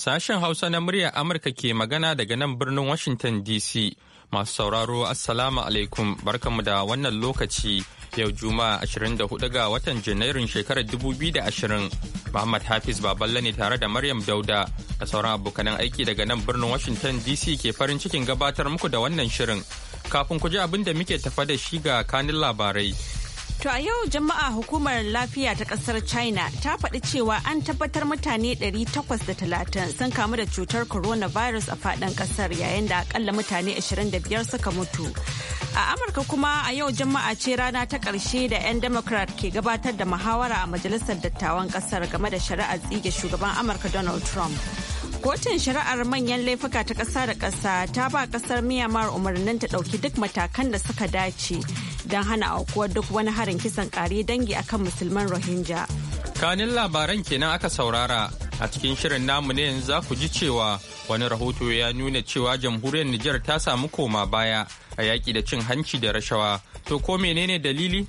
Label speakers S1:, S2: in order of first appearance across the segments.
S1: Sashen Hausa na muryar Amurka ke magana daga nan birnin Washington DC. Masu sauraro Assalamu alaikum barkanmu da wannan lokaci yau Juma'a 24 ga watan Janairun shekarar 2020. Muhammad Hafiz Baballe ne tare da Maryam Dauda da sauran abokanan aiki daga nan birnin Washington DC ke farin cikin gabatar muku da wannan shirin. Kafin ku ji abin da muke tafa da shi ga kanin labarai.
S2: To a yau jama'a hukumar lafiya ta kasar China ta faɗi cewa an tabbatar mutane 830 sun kamu da cutar coronavirus a faɗin kasar yayin da akalla mutane 25 suka mutu. A Amurka kuma a yau jama'a ce rana ta ƙarshe da 'yan Democrat ke gabatar da muhawara a majalisar dattawan kasar game da shari'ar tsige shugaban Amurka Donald Trump. Kotun shari'ar manyan laifuka ta ƙasa da ƙasa ta ba ƙasar Myanmar umarnin ta ɗauki duk matakan da suka dace don hana aukuwar duk wani harin kisan ƙare dangi akan musulman Rohingya.
S1: Kanin labaran kenan aka saurara a cikin shirin namu ne yanzu za ku ji cewa wani rahoto ya nuna cewa jamhuriyar Nijar ta samu koma baya a yaƙi da cin hanci da rashawa. To ko menene dalili?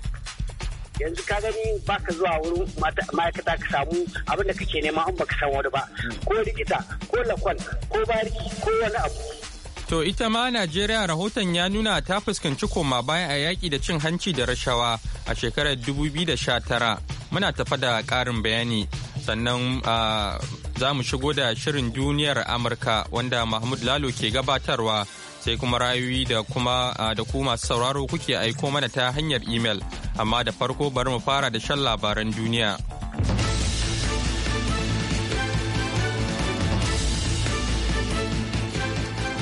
S3: yanzu ka
S4: gani baka zuwa wurin ma'aikata ka samu abin da kake nema in baka san wani ba ko likita ko lakon ko bariki ko wani abu
S1: To ita ma Najeriya rahoton ya nuna ta fuskanci koma baya a yaki da cin hanci da rashawa a shekarar 2019 muna tafa da ƙarin bayani sannan za mu shigo da shirin duniyar Amurka wanda Mahmud Lalo ke gabatarwa sai kuma rayuwi da kuma da ku masu sauraro kuke aiko mana ta hanyar imel amma da farko bari mu fara da shan labaran duniya.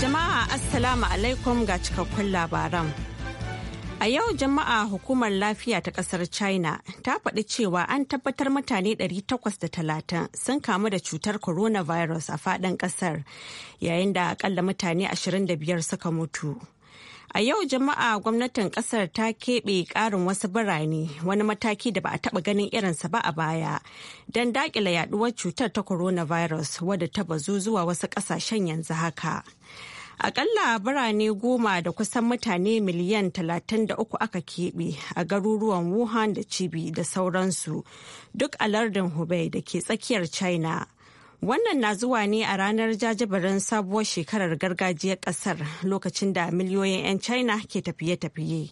S2: Jama'a Assalamu alaikum ga cikakkun labaran. A yau jama'a hukumar lafiya ta kasar China ta faɗi cewa an tabbatar mutane 830 sun kamu da cutar coronavirus a faɗin ƙasar yayin da akalla mutane 25 suka mutu. A yau jama'a gwamnatin ƙasar ta keɓe ƙarin wasu birane wani mataki da ba a taɓa ganin irinsa ba a baya don daƙila yaɗuwar cutar ta coronavirus wadda ta bazu zuwa wasu ƙasashen yanzu haka. Akalla birane goma da kusan mutane miliyan 33 aka keɓe a garuruwan Wuhan da cibi da sauransu duk a lardin Hubei da ke tsakiyar China. Wannan na zuwa ne a ranar jajibirin sabuwar shekarar gargajiyar ƙasar lokacin da miliyoyin 'yan China ke tafiye-tafiye.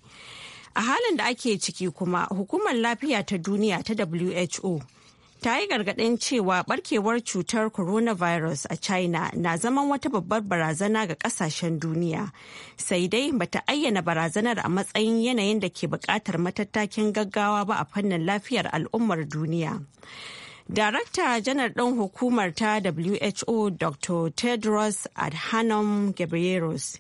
S2: A halin da ake ciki kuma hukumar lafiya ta duniya ta WHO ta yi gargaɗin cewa barkewar cutar coronavirus a china na zaman wata babbar barazana ga ƙasashen duniya sai dai bata ayyana barazanar a matsayin yanayin da ke buƙatar matattakin gaggawa ba a fannin lafiyar al'ummar duniya Darakta janar ɗin hukumar ta WHO Dr. Tedros Adhanom Ghebreyesus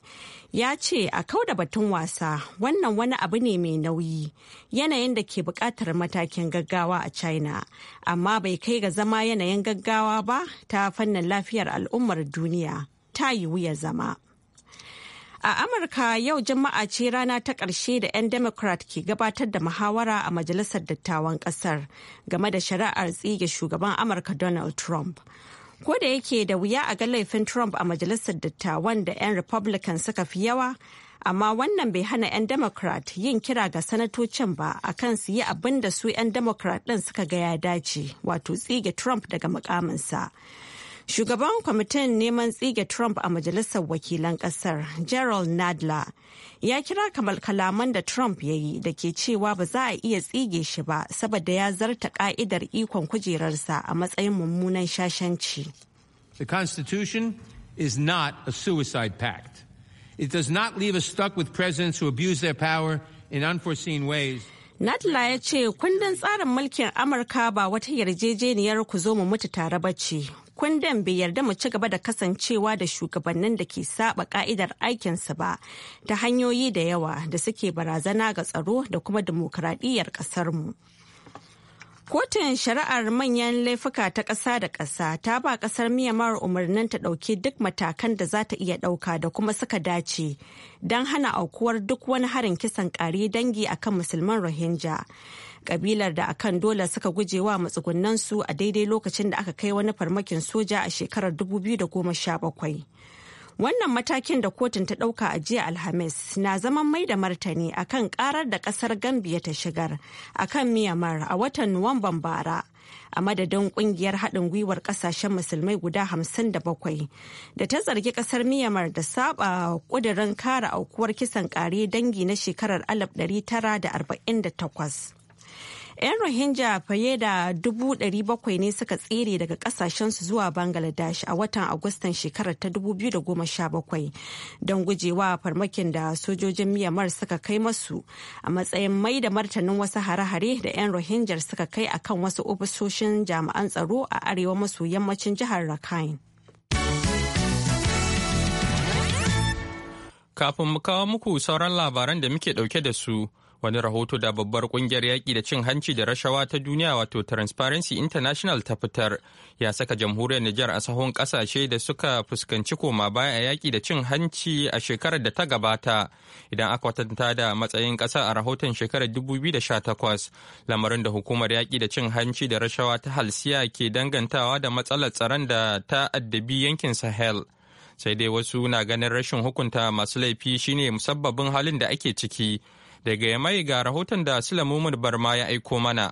S2: ya ce a kau da batun wasa wannan wani abu ne mai nauyi yanayin da ke buƙatar matakin gaggawa a China amma bai kai ga zama yanayin gaggawa ba ta fannin lafiyar al'ummar duniya ta yiwu ya zama. A Amurka yau Juma'a ce rana ta ƙarshe da 'yan Democrat ke gabatar da muhawara a Majalisar Dattawan ƙasar game da shari'ar tsige shugaban Amurka Donald Trump. Ko da yake da wuya a ga laifin Trump a Majalisar Dattawan da 'yan Republican suka fi yawa, amma wannan bai hana 'yan Democrat yin kira ga sanatocin ba a kan su yi abin da su 'yan Democrat ɗin suka ga ya dace, wato tsige Trump daga mukaminsa. Shugaban kwamitin neman tsige Trump a majalisar wakilan kasar, Gerald Nadler, ya kira kamar kalaman da Trump ya yi da ke cewa ba za a iya tsige shi ba saboda ya zarta ka'idar ikon kujerarsa a matsayin mummunan shashanci.
S1: The Constitution is not a suicide pact. It does not leave us stuck with presidents who abuse their power in unforeseen ways.
S2: Nadla ya ce kundin tsarin mulkin Amurka ba wata yarjejeniyar ku zo mu mutu tare ba ce kundin bai yarda mu ci gaba da kasancewa da shugabannin da ke saba ka'idar aikinsu ba ta hanyoyi da yawa da suke barazana ga tsaro da kuma dimokuraɗiyyar ƙasarmu. Kotun shari'ar manyan laifuka ta ƙasa da ƙasa ta ba ƙasar Myanmar umarnin ta ɗauki duk matakan da za ta iya ɗauka da kuma suka dace don hana aukuwar duk wani harin kisan ƙari dangi akan musulman Rohingya. kabilar da akan dole suka guje wa matsugunansu a daidai lokacin da aka kai wani farmakin soja a shekarar 2017 wannan matakin da kotun ta ɗauka a jiya alhamis na zaman mai da martani akan karar da ƙasar gambia ta shigar a kan miyamar a watan nuwamban bara a madadin ƙungiyar haɗin gwiwar ƙasashen musulmai guda 57 da ta zargi ƙasar miyamar da saba ƙudurin kare aukuwar kisan ƙare dangi na shekarar 1948 'Yan Rohingya faye da dubu ɗari bakwai ne suka tsere daga ƙasashensu zuwa Bangladesh a watan Agustan shekarar ta dubu biyu da goma sha bakwai don gujewa farmakin da sojojin Myanmar suka kai masu a matsayin mai da martanin wasu hare-hare da 'yan Rohingya suka kai akan wasu ofisoshin jami'an tsaro a arewa maso yammacin jihar Rakhine.
S1: Kafin mu kawo muku sauran labaran da muke ɗauke da su. wani rahoto da babbar kungiyar yaƙi da cin hanci da rashawa ta duniya wato transparency international ta fitar ya saka jamhuriyar nijar a sahun ƙasashe da suka fuskanci koma baya a yaƙi da cin hanci a shekarar da ta gabata idan aka kwatanta da matsayin ƙasa a rahoton shekarar 2018 lamarin da hukumar yaƙi da cin hanci da rashawa ta halsiya ke dangantawa da matsalar tsaron da ta addabi yankin sahel sai dai wasu na ganin rashin hukunta masu laifi shine musabbabin halin da ake ciki Daga Yamai ga rahoton da Sula Barma ya aiko mana.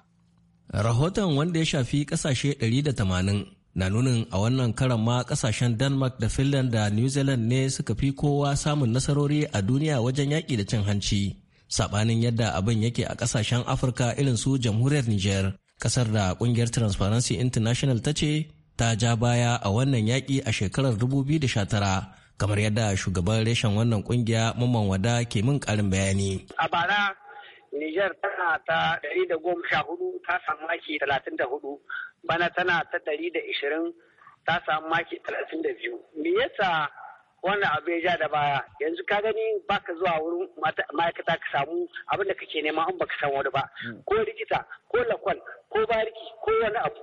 S5: Rahoton wanda ya shafi kasashe 180 na nunin a wannan karan ma kasashen Denmark da Finland da New Zealand ne suka fi kowa samun nasarori a duniya wajen yaƙi da cin hanci. Saɓanin yadda abin yake a kasashen Afirka irin su jamhuriyar Niger, kasar da ƙungiyar Transparency International ta ce ta ja baya a wannan yaƙi a shekarar 2019 kamar yadda shugaban reshen wannan kungiya mamman wada ke min karin bayani.
S4: A bara Nijar tana ta 114 ta samu maki 34 bana tana ta 120 ta samu maki 32. Me yasa wannan abu ya ja da baya yanzu ka gani baka zuwa wurin ma'aikata ka samu abin da kake nema in baka san wani ba ko likita ko lakwal ko bariki ko wani abu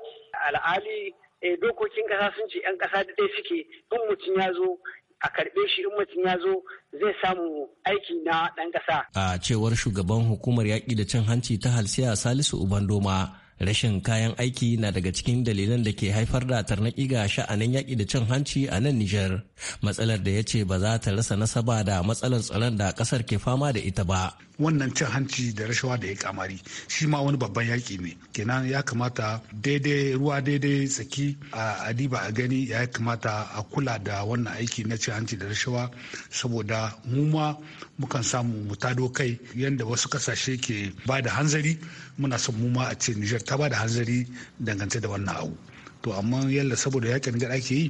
S4: al'ali eh, dokokin kasa sun ce 'yan kasa da ɗaya suke in mutum ya zo a karɓe shi in mutum ya zo zai samu aiki na ɗan ƙasa.
S5: A cewar shugaban hukumar yaƙi da cin hanci ta halsiya Salisu Ubandoma rashin kayan aiki na daga cikin dalilan da ke haifar da tarnaki ga sha'anin yaƙi da cin hanci a nan Nijar. Matsalar da ya ce ba za ta rasa nasaba da matsalar tsaron da kasar
S3: ke fama da ita ba. Wannan cin hanci da rashawa da ya kamari shi ma wani babban yaƙi ne. Kenan ya kamata daidai ruwa daidai tsaki a adiba a gani ya kamata a kula da wannan aiki na cin hanci da rashawa saboda mu ma mukan samu mu tado kai yadda wasu kasashe ke ba da hanzari muna son mu ma a ce Nijar ta ba da hanzari dangance da wannan abu to amma yalla saboda yakin gada ake yi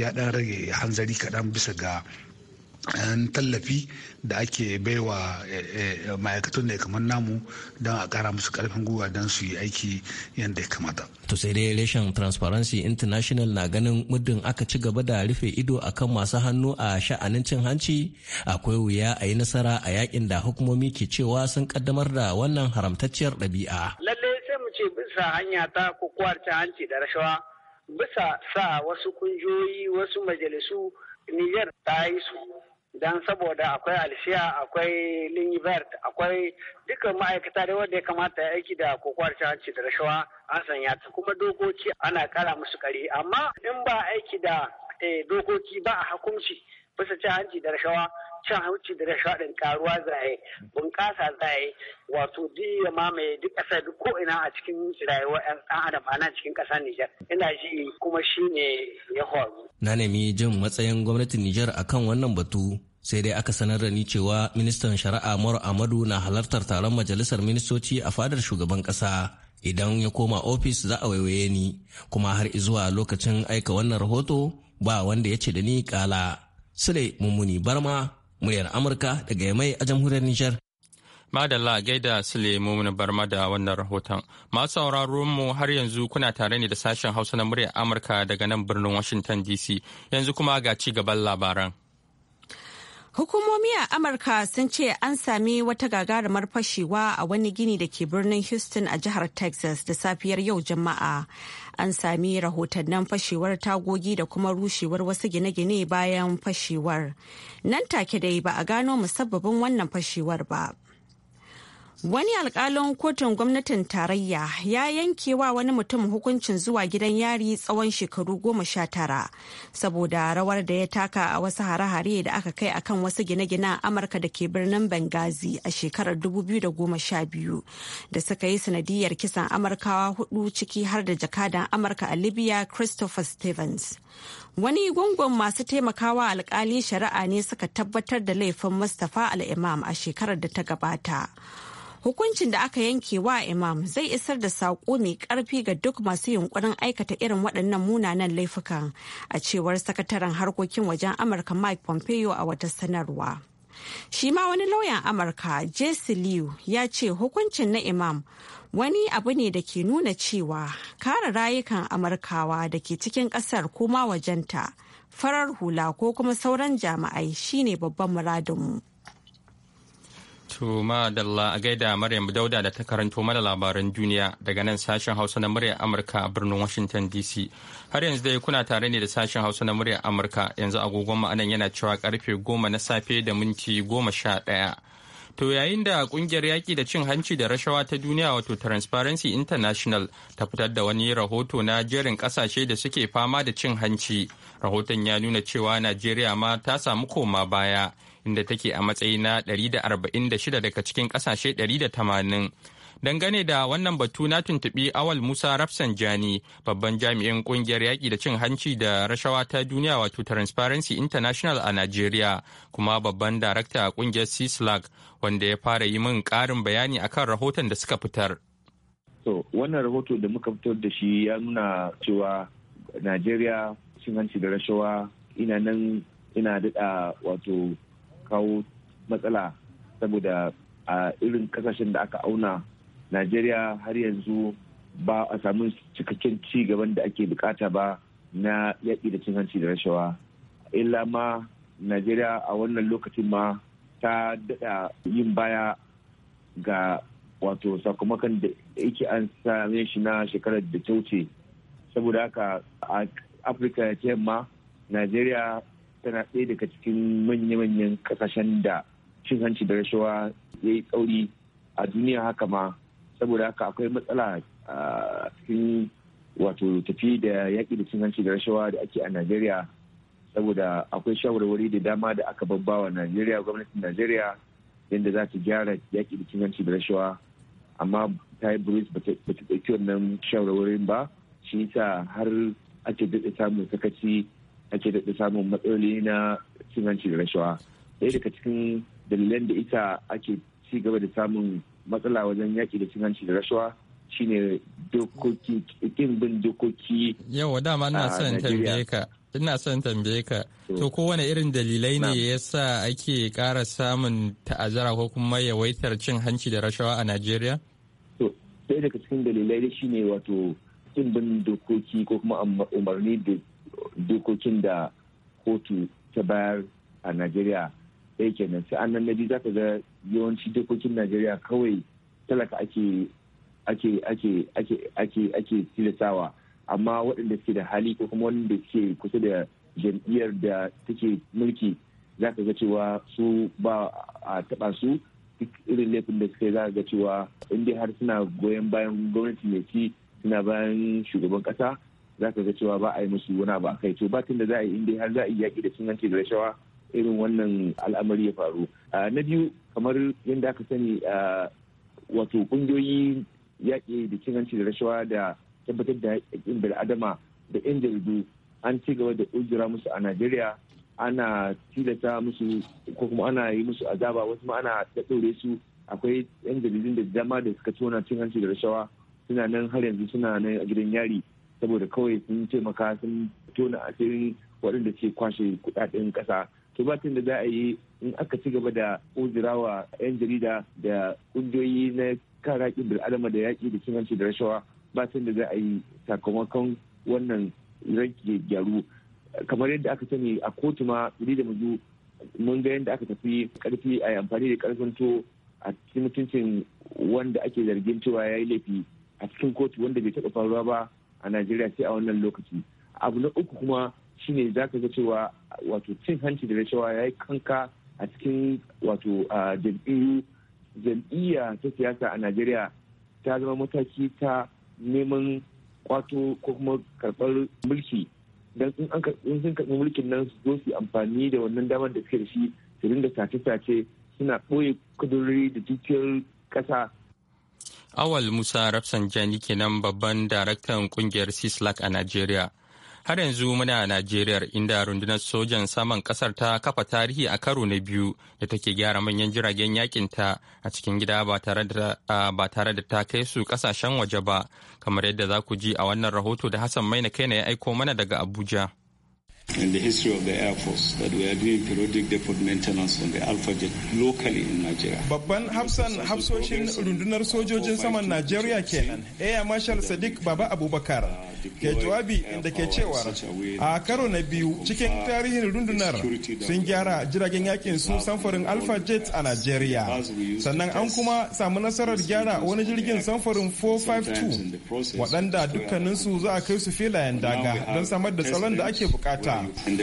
S3: ya dan rage hanzari kaɗan bisa ga yan eh, tallafi da ake baiwa eh, eh, ma'aikatan da kamar namu don a kara musu karfin gwiwa don su yi aiki yadda ya kamata.
S5: To sai dai reshen Transparency International na ganin muddin aka ci gaba da rufe ido akan masu hannu a sha'anin cin hanci akwai wuya a yi nasara a yakin da hukumomi ke cewa sun kaddamar da wannan haramtacciyar ɗabi'a.
S4: Lallai ce bisa hanya ta kokuwar ta hanci da rashawa bisa sa wasu kunjoyi wasu majalisu Niger ta yi su don saboda akwai alshiya akwai lingibert akwai duka ma'aikata da wanda ya kamata ya aiki da kokowar ta hanci da rashawa an sanya ta kuma dokoki ana kara musu kare amma in ba aiki da eh, dokoki ba a hukunci bisa cin hanci da rashawa cin hanci da rashawa din karuwa zaye bunƙasa zaye wato duk ya mamaye duk ƙasar duk ko ina a cikin rayuwar ɗan adam a na cikin ƙasar Nijar ina ji kuma shi ne ya faru
S5: na nemi jin matsayin gwamnatin Nijar akan wannan batu sai dai aka sanar da ni cewa ministan shari'a Mor Amadu na halartar taron majalisar ministoci a fadar shugaban ƙasa idan ya koma ofis za a waiwaye ni kuma har zuwa lokacin aika wannan rahoto ba wanda ya ce da ni kala Sule Mummuni Barma, muryar Amurka daga Yamai a jamhuriyar Nijar.
S1: Madalla gaida Sule Mummuni Barma da wannan rahoton. Masu sauraron mu har yanzu kuna tare ne da sashen Hausa na muryar Amurka daga nan birnin Washington DC. Yanzu kuma ga ci gaban labaran.
S2: Hukumomi a Amurka sun ce an sami wata gagarumar fashewa a wani gini da ke birnin Houston a jihar Texas da safiyar yau Juma'a. An sami rahotannin fashewar tagogi da kuma rushewar wasu gine-gine bayan fashewar. Nan take dai ba a gano musabbabin wannan fashewar ba. Wani alkalin kotun gwamnatin tarayya ya yanke wa wani mutum hukuncin zuwa gidan yari tsawon shekaru goma sha tara saboda rawar da ya taka a wasu hare-hare da aka kai a kan wasu gine-gine a Amurka da ke birnin Benghazi a shekarar 2012 da suka yi sanadiyar kisan Amurkawa hudu ciki har da jakadan Amurka a Libya Christopher Stevens. Wani gungun masu taimakawa alkali shari'a ne suka tabbatar da laifin Mustapha al-Imam a shekarar da ta gabata. Hukuncin da aka yanke wa Imam zai isar da saƙo mai ƙarfi ga duk masu yunkurin aikata irin waɗannan munanan laifukan a cewar sakataren harkokin wajen Amurka Mike Pompeo a wata sanarwa. Shi ma wani lauyan Amurka Jesse Liu ya ce hukuncin na Imam wani abu ne da ke nuna cewa kare rayukan Amurkawa da ke cikin ƙasar kuma wajenta farar hula ko kuma sauran jami'ai shine babban muradinmu.
S1: To madalla a gaida Maryam Dauda da ta karanto mana labaran duniya daga nan sashen Hausa na muryar Amurka a birnin Washington DC. Har yanzu dai kuna tare ne da sashen Hausa na muryar Amurka yanzu agogon ma'anan yana cewa karfe goma na safe da minti goma sha ɗaya. To yayin da kungiyar yaƙi da cin hanci da rashawa ta duniya wato Transparency International ta fitar da wani rahoto na jerin ƙasashe da suke fama da cin hanci. Rahoton ya nuna cewa Najeriya ma ta samu koma baya inda take a matsayi na 146 daga cikin kasashe 180 dangane da wannan batu na tuntubi awal musa rafsan jani babban jami'in kungiyar yaƙi da cin hanci da rashawa ta duniya wato transparency international a nigeria kuma babban darakta a kungiyar cslac wanda ya fara yi min ƙarin bayani akan rahoton da suka fitar
S3: so wannan rahoto da muka fitar da shi ya nuna cewa nigeria cin hanci da rashawa ina nan ina daɗa wato kawo matsala saboda a irin kasashen da aka auna najeriya har yanzu ba a samu cikakken ci gaban da ake bukata ba na yaƙi da cin hanci da rashawa illa ma najeriya a wannan lokacin ma ta daɗa yin baya ga wato sakamakon da yake an same shi na shekarar da ta wuce saboda haka a afirka ya ce ma najeriya tana ɗaya daga cikin manya-manyan kasashen da cin hanci da rashawa ya yi tsauri a duniya haka ma saboda haka akwai matsala a cikin wato tafi da yaƙi da cin hanci da rashawa da ake a najeriya saboda akwai shawarwari da dama da aka babbawa najeriya gwamnatin najeriya yadda za ta gyara yaƙi da cin hanci da rashawa amma ta yi bruce ba ta ɗauki wannan shawarwarin ba shi yasa har ake daɗa samun sakaci ake daɗa samun matsaloli na cin hanci da rashawa ɗaya daga cikin dalilan da ita ake ci gaba da samun matsala wajen yaƙi da cin hanci da rashawa shine
S1: dokoki kin bin dokoki yawa dama ina son tambaye ka ina son tambaye ka to kowane irin dalilai ne yasa ake ƙara samun ta'azara ko kuma yawaitar cin hanci da rashawa a Najeriya
S3: to ɗaya daga cikin dalilai shine wato kin bin dokoki ko kuma umarni da dokokin da kotu ta bayar a najeriya ɗaya kenan sai an na biyu za ka ga yawanci dokokin najeriya kawai talaka ake ake ake ake ake ake tilastawa amma waɗanda suke da hali ko kuma wanda suke kusa da jam'iyyar da take mulki za ka ga cewa su ba a taɓa su duk irin laifin da suka yi za ka ga cewa inda har suna goyon bayan gwamnati mai ci suna bayan shugaban ƙasa za ka ga cewa ba a yi musu wani ba a kai to batun da za a yi inda har za a yi yaƙi da sun hanci da rashawa irin wannan al'amari ya faru na biyu kamar yadda aka sani wato ƙungiyoyi yaƙi da cin hanci da rashawa da tabbatar da yaƙin bil'adama da 'yan jaridu an ci gaba da ujira musu a najeriya ana tilata musu ko kuma ana yi musu azaba wasu ma ana ɗaɗɗaure su akwai 'yan jaridun da dama da suka tona cin hanci da rashawa suna nan har yanzu suna nan a gidan yari saboda kawai sun ce maka sun tona asirin waɗanda ke kwashe kuɗaɗen ƙasa to ba da za a yi in aka ci gaba da uzurawa 'yan jarida da ƙungiyoyi na kara ƙin bil'adama da yaƙi da cin da rashawa ba da za a yi sakamakon wannan rage gyaru kamar yadda aka sani a kotu ma ni da mu mun ga yadda aka tafi ƙarfi a amfani da ƙarfin to a cikin mutuncin wanda ake zargin cewa ya yi laifi a cikin kotu wanda bai taɓa faruwa ba a najeriya sai a wannan lokaci abu na uku kuma shine za ka ga cewa wato cin hanci da rashawa ya yi kanka a cikin wato jam'iyya ta siyasa a najeriya ta zama mataki ta neman kwato ko kuma karɓar mulki don in an karɓi mulkin nan su zo su amfani da wannan damar da suke da shi su dinga sace-sace suna ɓoye kudurori da dukiyar ƙasa
S1: Awal Musa Rafsanjani kenan babban daraktan kungiyar CISLAC a Najeriya. Har yanzu muna a Najeriya inda rundunar sojan saman kasar ta kafa tarihi a karo na biyu da take gyara manyan jiragen yakin ta a cikin gida ba tare da ta kai su kasashen waje ba, kamar yadda za ku ji a wannan rahoto da Hassan Maina kai na ya aiko mana daga Abuja. in
S6: the history of the Air Force that we are doing periodic depot maintenance on the Alpha Jet locally in Nigeria. Babban hafsan hafsoshin rundunar sojojin saman nigeria kenan, Air Marshal Sadiq Baba Abubakar. ke jawabi inda ke cewa a karo na biyu cikin tarihin rundunar sun gyara jiragen yakin su samfurin alpha jet a nigeria Sannan an kuma samu nasarar gyara wani jirgin samfurin 452 waɗanda dukkaninsu za a kai su filayen daga don samar da tsaron da ake bukata. Abuja.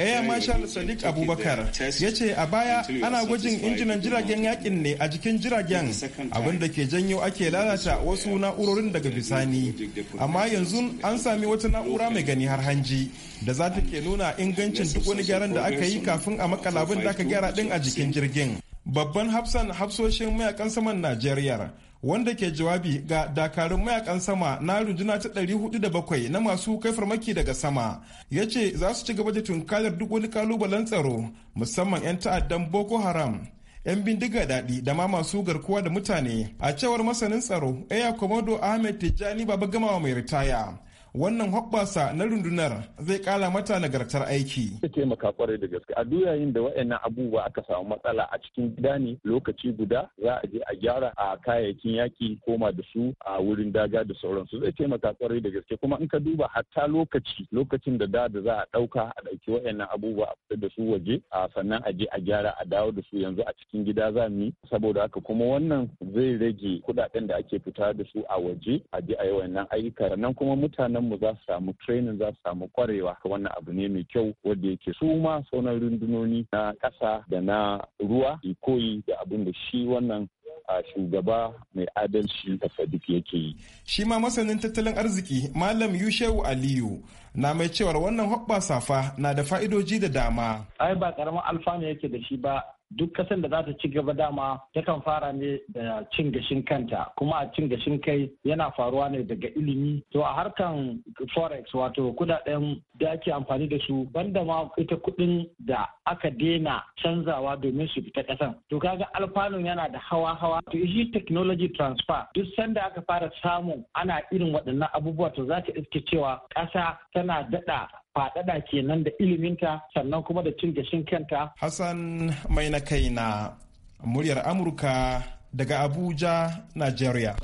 S6: Air Marshal Sadiq Abubakar ya ce a baya ana gwajin injinan jiragen yakin ne a jikin jiragen abin da ke janyo ake lalata wasu na'urorin daga bisani. Amma yanzu an sami wata na'ura mai gani har hanji da za ta ke nuna ingancin duk wani gyaran da aka yi kafin a makala da aka gyara din a jikin jirgin. Babban hafsan hafsoshin mayakan saman Najeriya wanda ke jawabi ga dakarun mayakan sama na runduna ta ɗari da bakwai na masu kai farmaki daga sama ya ce za su ci gaba da tunkarar duk wani kalubalen tsaro musamman 'yan ta'addan boko haram 'yan bindiga daɗi da ma masu garkuwa da mutane a cewar masanin tsaro Eya komodo ahmed tijjani baba gamawa mai ritaya wannan hoɓɓasa na rundunar zai kala mata nagartar aiki.
S3: Zai taimaka kwarai da gaske. A duyayin da wa'annan abubuwa aka samu matsala a cikin gida ne lokaci guda za a je a gyara a kayayyakin yaki koma da su a wurin daga da sauransu zai taimaka kwarai da gaske kuma in ka duba hatta lokaci lokacin da da da za a ɗauka a ɗauki wa'annan abubuwa a fita da su waje a sannan a je a gyara a dawo da su yanzu a cikin gida za mu yi saboda haka kuma wannan zai rage kuɗaɗen da ake fita da su a waje a je a yi wa'annan ayyuka sannan kuma mutanen mu za su samu training za su samu kwarewa wannan abu ne mai kyau wanda yake su ma sauran rundunoni na
S6: ƙasa da na ruwa koyi da abin da shi wannan a shugaba mai adalci da sadiq yake yi. Shi ma masanin tattalin arziki Malam Yushewu Aliyu na mai cewar wannan hoɓɓasa safa na da fa'idoji da dama. Ai ba ƙaramin alfanu
S4: yake da shi ba duk kasan da za ta ci gaba dama takan fara ne da cin gashin kanta kuma a cin gashin kai yana faruwa ne daga ilimi to a harkan forex wato kudaden da ake amfani da su banda ma ita kudin da aka daina canzawa domin su fita kasan to kaga alfanun yana da hawa hawa to shi technology transfer duk sanda aka fara samun ana irin waɗannan abubuwa to za ta iske cewa ƙasa
S6: tana daɗa faɗaɗa kenan da iliminta sannan kuma da cin gashin kanta. Hassan mai na kai na muryar Amurka daga Abuja, Nigeria.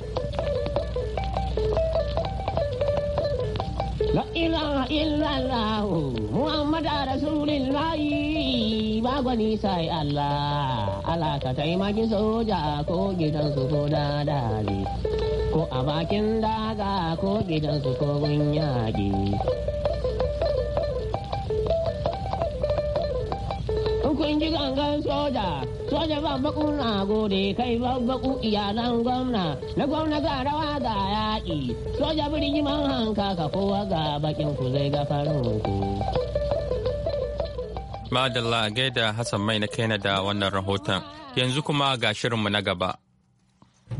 S4: La
S7: ilaha illallah Muhammad Rasulullah ba nisa sai Allah alaka taimaki soja ko gidan su ko dadari ko a bakin daga ko gidan su ko gun Sarkin ji gan soja, soja ban baku na gode kai ban baku iyalan gwamna, na gwamna ga rawa ga yaƙi, soja birni man hanka ka kowa ga bakin ku zai gafarin ku.
S1: Madalla gaida Hassan Mai na kaina da wannan rahoton, yanzu kuma ga shirinmu na gaba.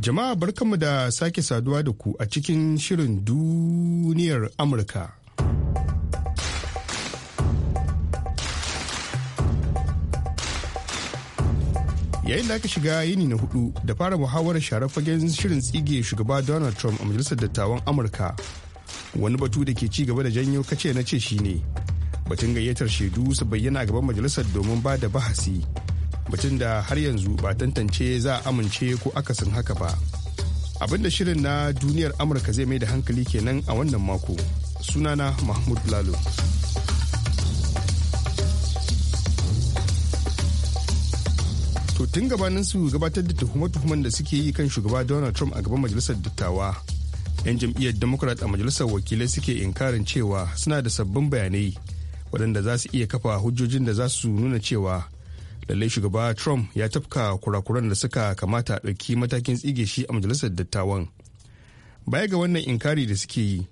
S7: Jama'a
S8: barkanmu da sake saduwa da ku a cikin shirin duniyar Amurka. yayin da aka shiga yini na hudu da fara muhawarar share fagen shirin tsige shugaba donald trump a majalisar dattawan amurka wani batu da ke ci gaba da janyo kace na ce shine batun gayyatar shaidu su bayyana gaban majalisar domin ba da bahasi batun da har yanzu ba tantance za a amince ko akasin haka ba abinda shirin na duniyar amurka zai mai da hankali kenan a wannan mako sunana mahmud lalo tun gabanin su gabatar da tuhume-tuhumen da suke yi kan shugaba donald trump a gaban majalisar dattawa yan jam'iyyar democrat a majalisar wakilai suke inkarin cewa suna da sabbin bayanai waɗanda za su iya kafa hujjojin da za su nuna cewa lallai shugaba trump ya tafka kurakuran da suka kamata ɗauki matakin tsige shi a majalisar dattawan baya ga wannan inkari da suke yi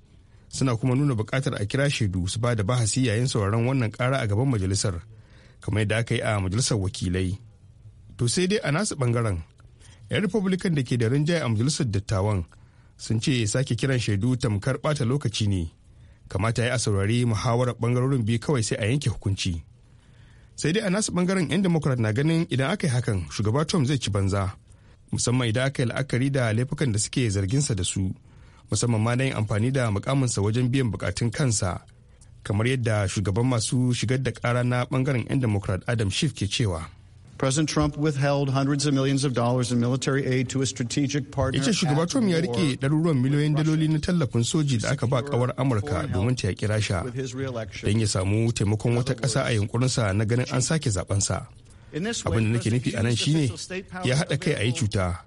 S8: suna kuma nuna buƙatar a kira shaidu su ba da bahasi yayin sauraron wannan ƙara a gaban majalisar kamar yadda aka yi a majalisar wakilai to sai dai a nasu bangaren 'yan republican da ke da rinjaye a majalisar dattawan sun ce sake kiran shaidu tamkar bata lokaci ne kamata ya a saurari muhawarar bangarorin biyu kawai sai a yanke hukunci sai dai a nasu bangaren 'yan democrat na ganin idan aka yi hakan shugaba trump zai ci banza musamman idan aka yi la'akari da laifukan da suke zarginsa da su musamman ma na yin amfani da mukaminsa wajen biyan bukatun kansa kamar yadda shugaban masu shigar da kara na bangaren 'yan democrat adam schiff ke cewa President Trump withheld hundreds of millions of dollars in military aid to a strategic partner. Yace shugaba Trump ya rike ɗaruruwan miliyoyin daloli na tallafin soji da aka ba kawar Amurka domin ta yaƙi Rasha don ya samu taimakon wata ƙasa a yunkurinsa na ganin an sake zaɓensa
S2: abin da nake nufi a nan shine ya haɗa kai a yi cuta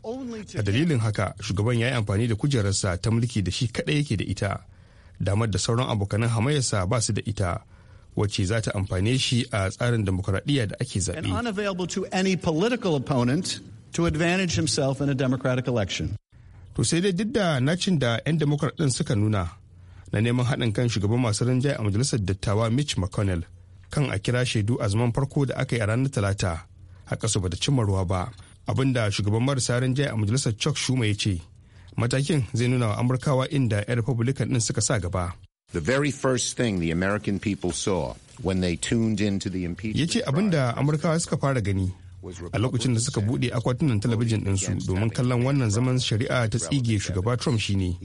S2: a dalilin
S8: haka shugaban ya yi amfani da kujerarsa ta mulki da shi kaɗai yake da ita damar da sauran abokanan hamayarsa ba su da ita wacce za ta amfane shi a tsarin demokuraɗiyya da ake zaɓe.
S2: to advantage himself in democratic
S8: To sai dai duk da nacin da 'yan Democrat suka nuna na neman haɗin kan shugaban masu rinjaye a majalisar dattawa Mitch McConnell kan a kira shaidu a zaman farko da aka yi a ranar Talata a ƙasa bata cimma ruwa ba abinda shugaban marasa rinjaye a majalisar Chuck Schumer ya ce matakin zai nuna wa Amurkawa inda 'yan Republican ɗin suka sa gaba.
S3: The very first thing the American people saw when they tuned into the impeachment.
S8: Yace abin da Amurkawa suka fara gani a lokacin da suka bude akwatunan talabijin ɗinsu domin kallon wannan zaman shari'a ta tsige shugaba Trump shine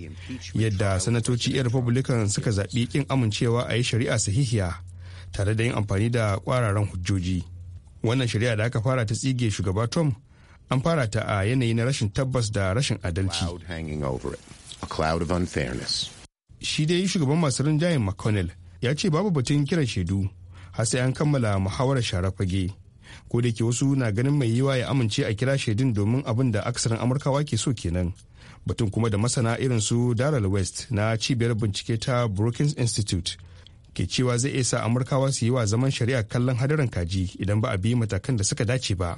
S8: yadda sanatoci 'yan Republican suka zaɓi kin amincewa a yi shari'a sahihiya tare da yin amfani da kwararan hujjoji. Wannan shari'a da aka fara ta tsige shugaba Trump an fara ta a yanayi na rashin tabbas da rashin adalci.
S3: A cloud of unfairness.
S8: shi dai shugaban masu rinjayen mcconnell ya ce babu batun kiran shaidu har sai an kammala muhawarar shara fage ko da ke wasu na ganin mai yiwa ya amince a kira shaidun domin abin da aksarin amurkawa ke so kenan batun kuma da masana irin su daryl west na cibiyar bincike ta brookings institute ke cewa zai iya sa amurkawa su yi wa zaman shari'a kallon hadarin kaji idan ba a bi matakan da suka dace ba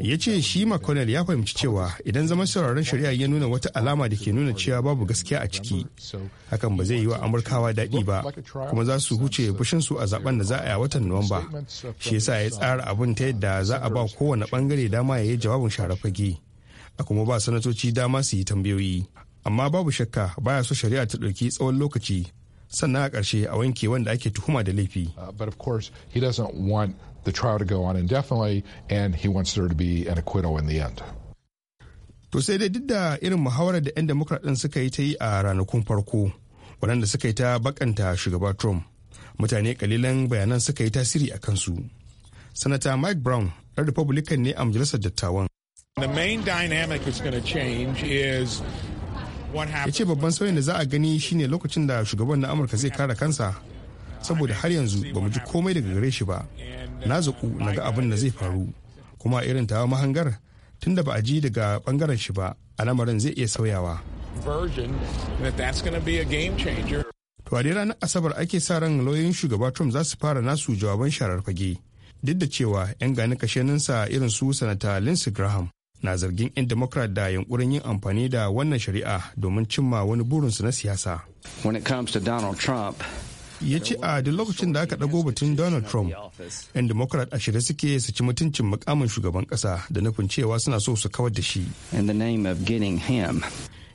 S8: ya ce shi mcconnell ya fahimci cewa idan zaman sauraron shari'a ya nuna wata alama da ke nuna cewa babu gaskiya a ciki hakan ba zai yi wa amurkawa daɗi ba kuma za su huce fushinsu a zaben da za a yi a watan nuwamba shi yasa ya tsara abin ta yadda za a ba kowane bangare dama ya yi jawabin share fage a kuma ba sanatoci dama su yi tambayoyi amma babu shakka baya so shari'a ta ɗauki tsawon lokaci sannan a ƙarshe a wanke wanda ake tuhuma da laifi. Uh, but of course he doesn't want the trial to go on indefinitely and he wants there to be an acquittal in the end. To sai dai duk da irin muhawarar da 'yan Democrat ɗin suka yi ta yi a ranakun farko waɗanda suka yi ta bakanta shugaba Trump mutane kalilan bayanan suka yi tasiri a kansu. Sanata Mike Brown ɗan Republican ne a majalisar dattawan.
S3: The main dynamic is going to change is ya ce
S8: babban sauyin da za a gani shine lokacin da shugaban na amurka zai kare kansa saboda har yanzu ba mu ji komai daga gare shi ba na zaku na ga abin da zai faru kuma irin tawa mahangar tunda ba a ji daga bangaren shi ba al'amarin zai iya sauyawa to a ranar asabar ake sa ran lauyoyin shugaba trump za su fara nasu jawaban sharar fage duk da cewa 'yan gani sa irin su sanata lindsey graham na zargin 'yan democrat da yankurin yin amfani da wannan shari'a domin cimma wani burinsu na siyasa ya ce a duk lokacin da aka ɗago batun donald trump 'yan democrat a shirye suke su ci mutuncin mukamin shugaban ƙasa da nufin cewa suna so su kawar da shi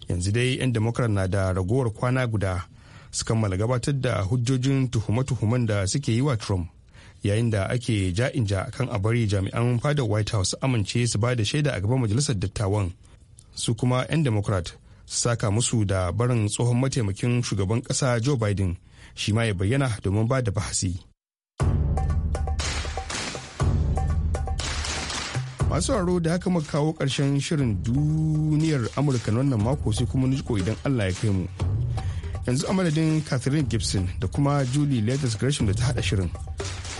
S8: yanzu dai 'yan democrat na da ragowar kwana guda su kammala gabatar da hujjojin tuhume-tuhumen da suke yi wa trump yayin da ake jainja kan a bari jami'an fadar white house amince su ba da shaida a gaban majalisar dattawan su kuma 'yan democrat su saka musu da barin tsohon mataimakin shugaban kasa joe biden shi ma ya bayyana domin ba da bahasi masu aro da haka muka kawo ƙarshen shirin duniyar amurka wannan mako sai kuma nijiko idan allah ya kai mu yanzu amadadin catherine gibson da kuma julie latest gresham da ta hada shirin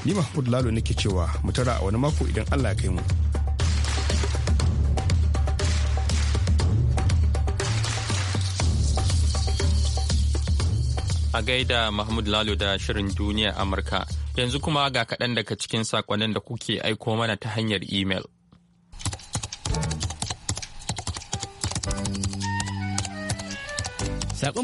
S8: ni mahmud lalo nake cewa mu tara a wani mako idan allah kai mu
S1: a gaida mahmud lalo da shirin duniya amurka yanzu kuma ga kaɗan daga cikin saƙonnin da kuke aiko mana ta hanyar imel.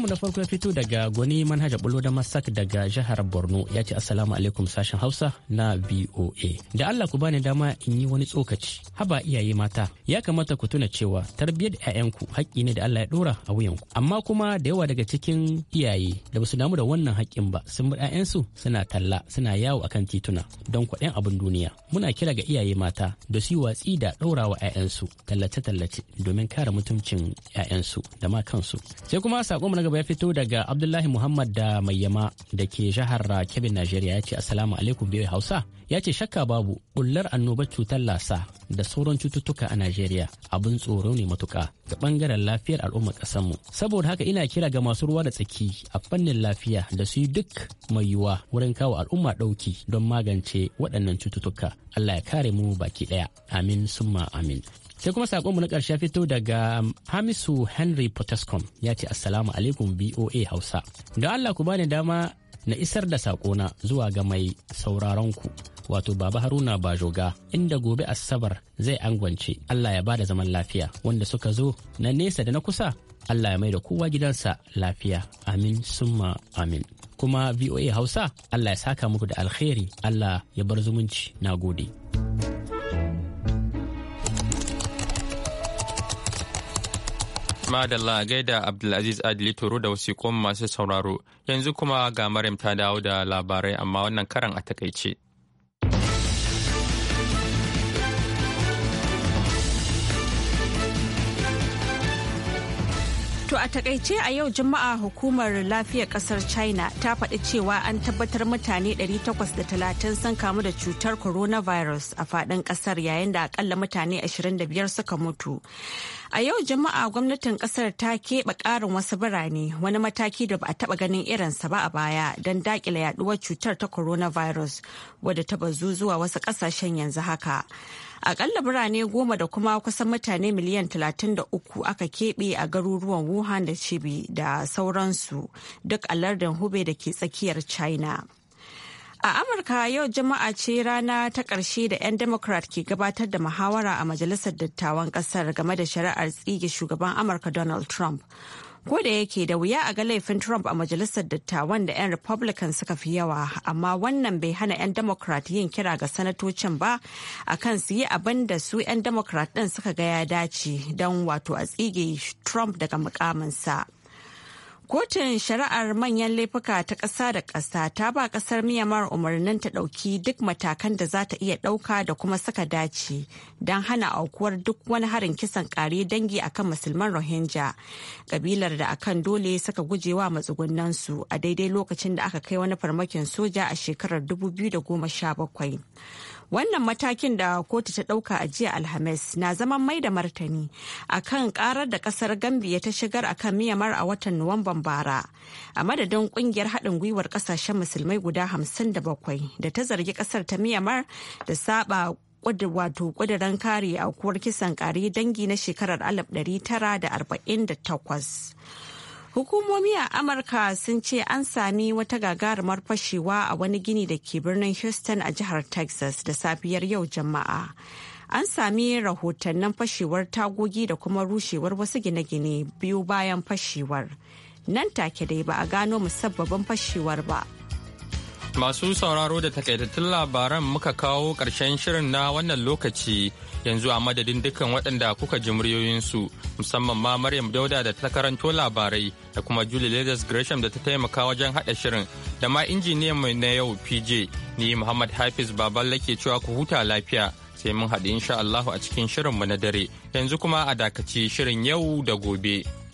S7: mu na farko ya fito daga goni manhaja bulo da masak daga jihar Borno ya ce assalamu alaikum sashen Hausa na VOA. Da Allah ku bani dama in yi wani tsokaci. Haba iyaye mata ya kamata ku tuna cewa tarbiyyar 'ya'yanku haƙƙi ne da Allah ya ɗora a ku. Amma kuma da yawa daga cikin iyaye da basu damu da wannan haƙƙin ba sun bar 'ya'yansu suna talla suna yawo akan tituna don kwaɗayin abin duniya. Muna kira ga iyaye mata da su yi watsi da ɗaurawa 'ya'yansu tallace-tallace domin kare mutuncin 'ya'yansu da ma kansu. Sai kuma sakon Sakonmu na gaba ya fito daga Abdullahi Muhammad da Mayyama da ke jihar Kebbi, Najeriya ya ce Assalamu alaikum biyu Hausa. Ya ce shakka babu bullar annobar cutar lasa da sauran cututtuka a Najeriya abin tsoro ne matuka ga bangaren lafiyar al'ummar ƙasarmu. Saboda haka ina kira ga masu ruwa da tsaki a fannin lafiya da su yi duk mai yiwuwa wurin kawo al'umma ɗauki don magance waɗannan cututtuka. Allah ya kare mu baki ɗaya. Amin summa amin. sai kuma mu na ƙarshe fito daga um, hamisu henry potescom ya ce assalamu alaikum boa hausa don allah ku bani dama na isar da saƙona zuwa ga mai sauraron ku wato baba haruna bajoga inda gobe asabar zai angwance allah ya bada zaman lafiya wanda suka zo na nesa da na kusa allah ya mai da kowa gidansa lafiya amin summa amin kuma voa hausa allah ya saka muku da alkhairi allah ya bar zumunci na gode.
S1: Madalla gaida Abdulaziz Adili Toro da wasiƙun masu sauraro yanzu kuma ga Maryam ta dawo da labarai amma wannan karan a takaice.
S2: To a takaice a yau Juma'a hukumar lafiyar kasar China ta faɗi cewa an tabbatar mutane 830 sun kamu da cutar coronavirus a faɗin kasar yayin da akalla mutane 25 suka mutu. A yau Juma'a gwamnatin kasar ta keɓe ƙarin wasu birane wani mataki da ba a taɓa ganin irinsa ba a baya don daƙile yaduwar cutar ta coronavirus wadda ta bazu zuwa wasu ƙasashen yanzu haka. Akalla birane goma da kuma kusan mutane miliyan 33 aka keɓe a garuruwan Wuhan da Chibi da sauransu duk a lardin Hubei da ke tsakiyar China. A Amurka yau jama'a ce rana ta ƙarshe da 'yan Democrat ke gabatar da muhawara a Majalisar Dattawan ƙasar game da shari'ar tsige shugaban Amurka Donald Trump. Ko da yake da wuya a ga laifin Trump a majalisar dattawan da 'yan Republican suka fi yawa, amma wannan bai hana 'yan Democrat yin kira ga sanatocin ba a kan su yi abin da su 'yan Democrat ɗin suka ga ya dace don wato a tsige Trump daga mukaminsa. Kotun shari'ar manyan laifuka ta ƙasa da ƙasa ta ba ƙasar Myanmar umarnin ta ɗauki duk matakan da za ta iya ɗauka da kuma suka dace don hana aukuwar duk wani harin kisan ƙare dangi a kan musulman Rohingya. ƙabilar da akan dole suka guje wa matsugunansu a daidai lokacin da aka kai wani farmakin soja a shekarar 2017. Wannan matakin da kotu ta dauka a jiya Alhamis na zama mai da martani a kan ƙarar da kasar gambia ta shigar a kan miyamar a watan Nuwamban bara. A madadin kungiyar haɗin gwiwar kasashen musulmai guda hamsin da bakwai da ta zargi kasar ta miyamar da saba wato ƙuduran kare kuwar kisan kare dangi na shekarar 1948. Hukumomi a Amurka sun ce an sami wata gagarumar fashewa a wani gini da ke birnin Houston a jihar Texas da safiyar yau Jama'a. An sami rahotannin fashewar tagogi da kuma rushewar wasu gine-gine biyu bayan fashewar. Nan take dai ba a gano musabbabin fashewar ba.
S1: Masu sauraro da takaitattun labaran muka kawo ƙarshen shirin na wannan lokaci. yanzu a madadin dukkan waɗanda kuka ji muryoyinsu musamman ma Maryam Dauda da ta karanto labarai da kuma Julie ladies Gresham da ta taimaka wajen haɗa shirin da ma injiniyan mai na yau PJ ni Muhammad Hafiz baban lake cewa ku huta lafiya sai mun haɗu insha Allahu a cikin shirin mu na dare yanzu kuma a dakaci shirin yau da gobe.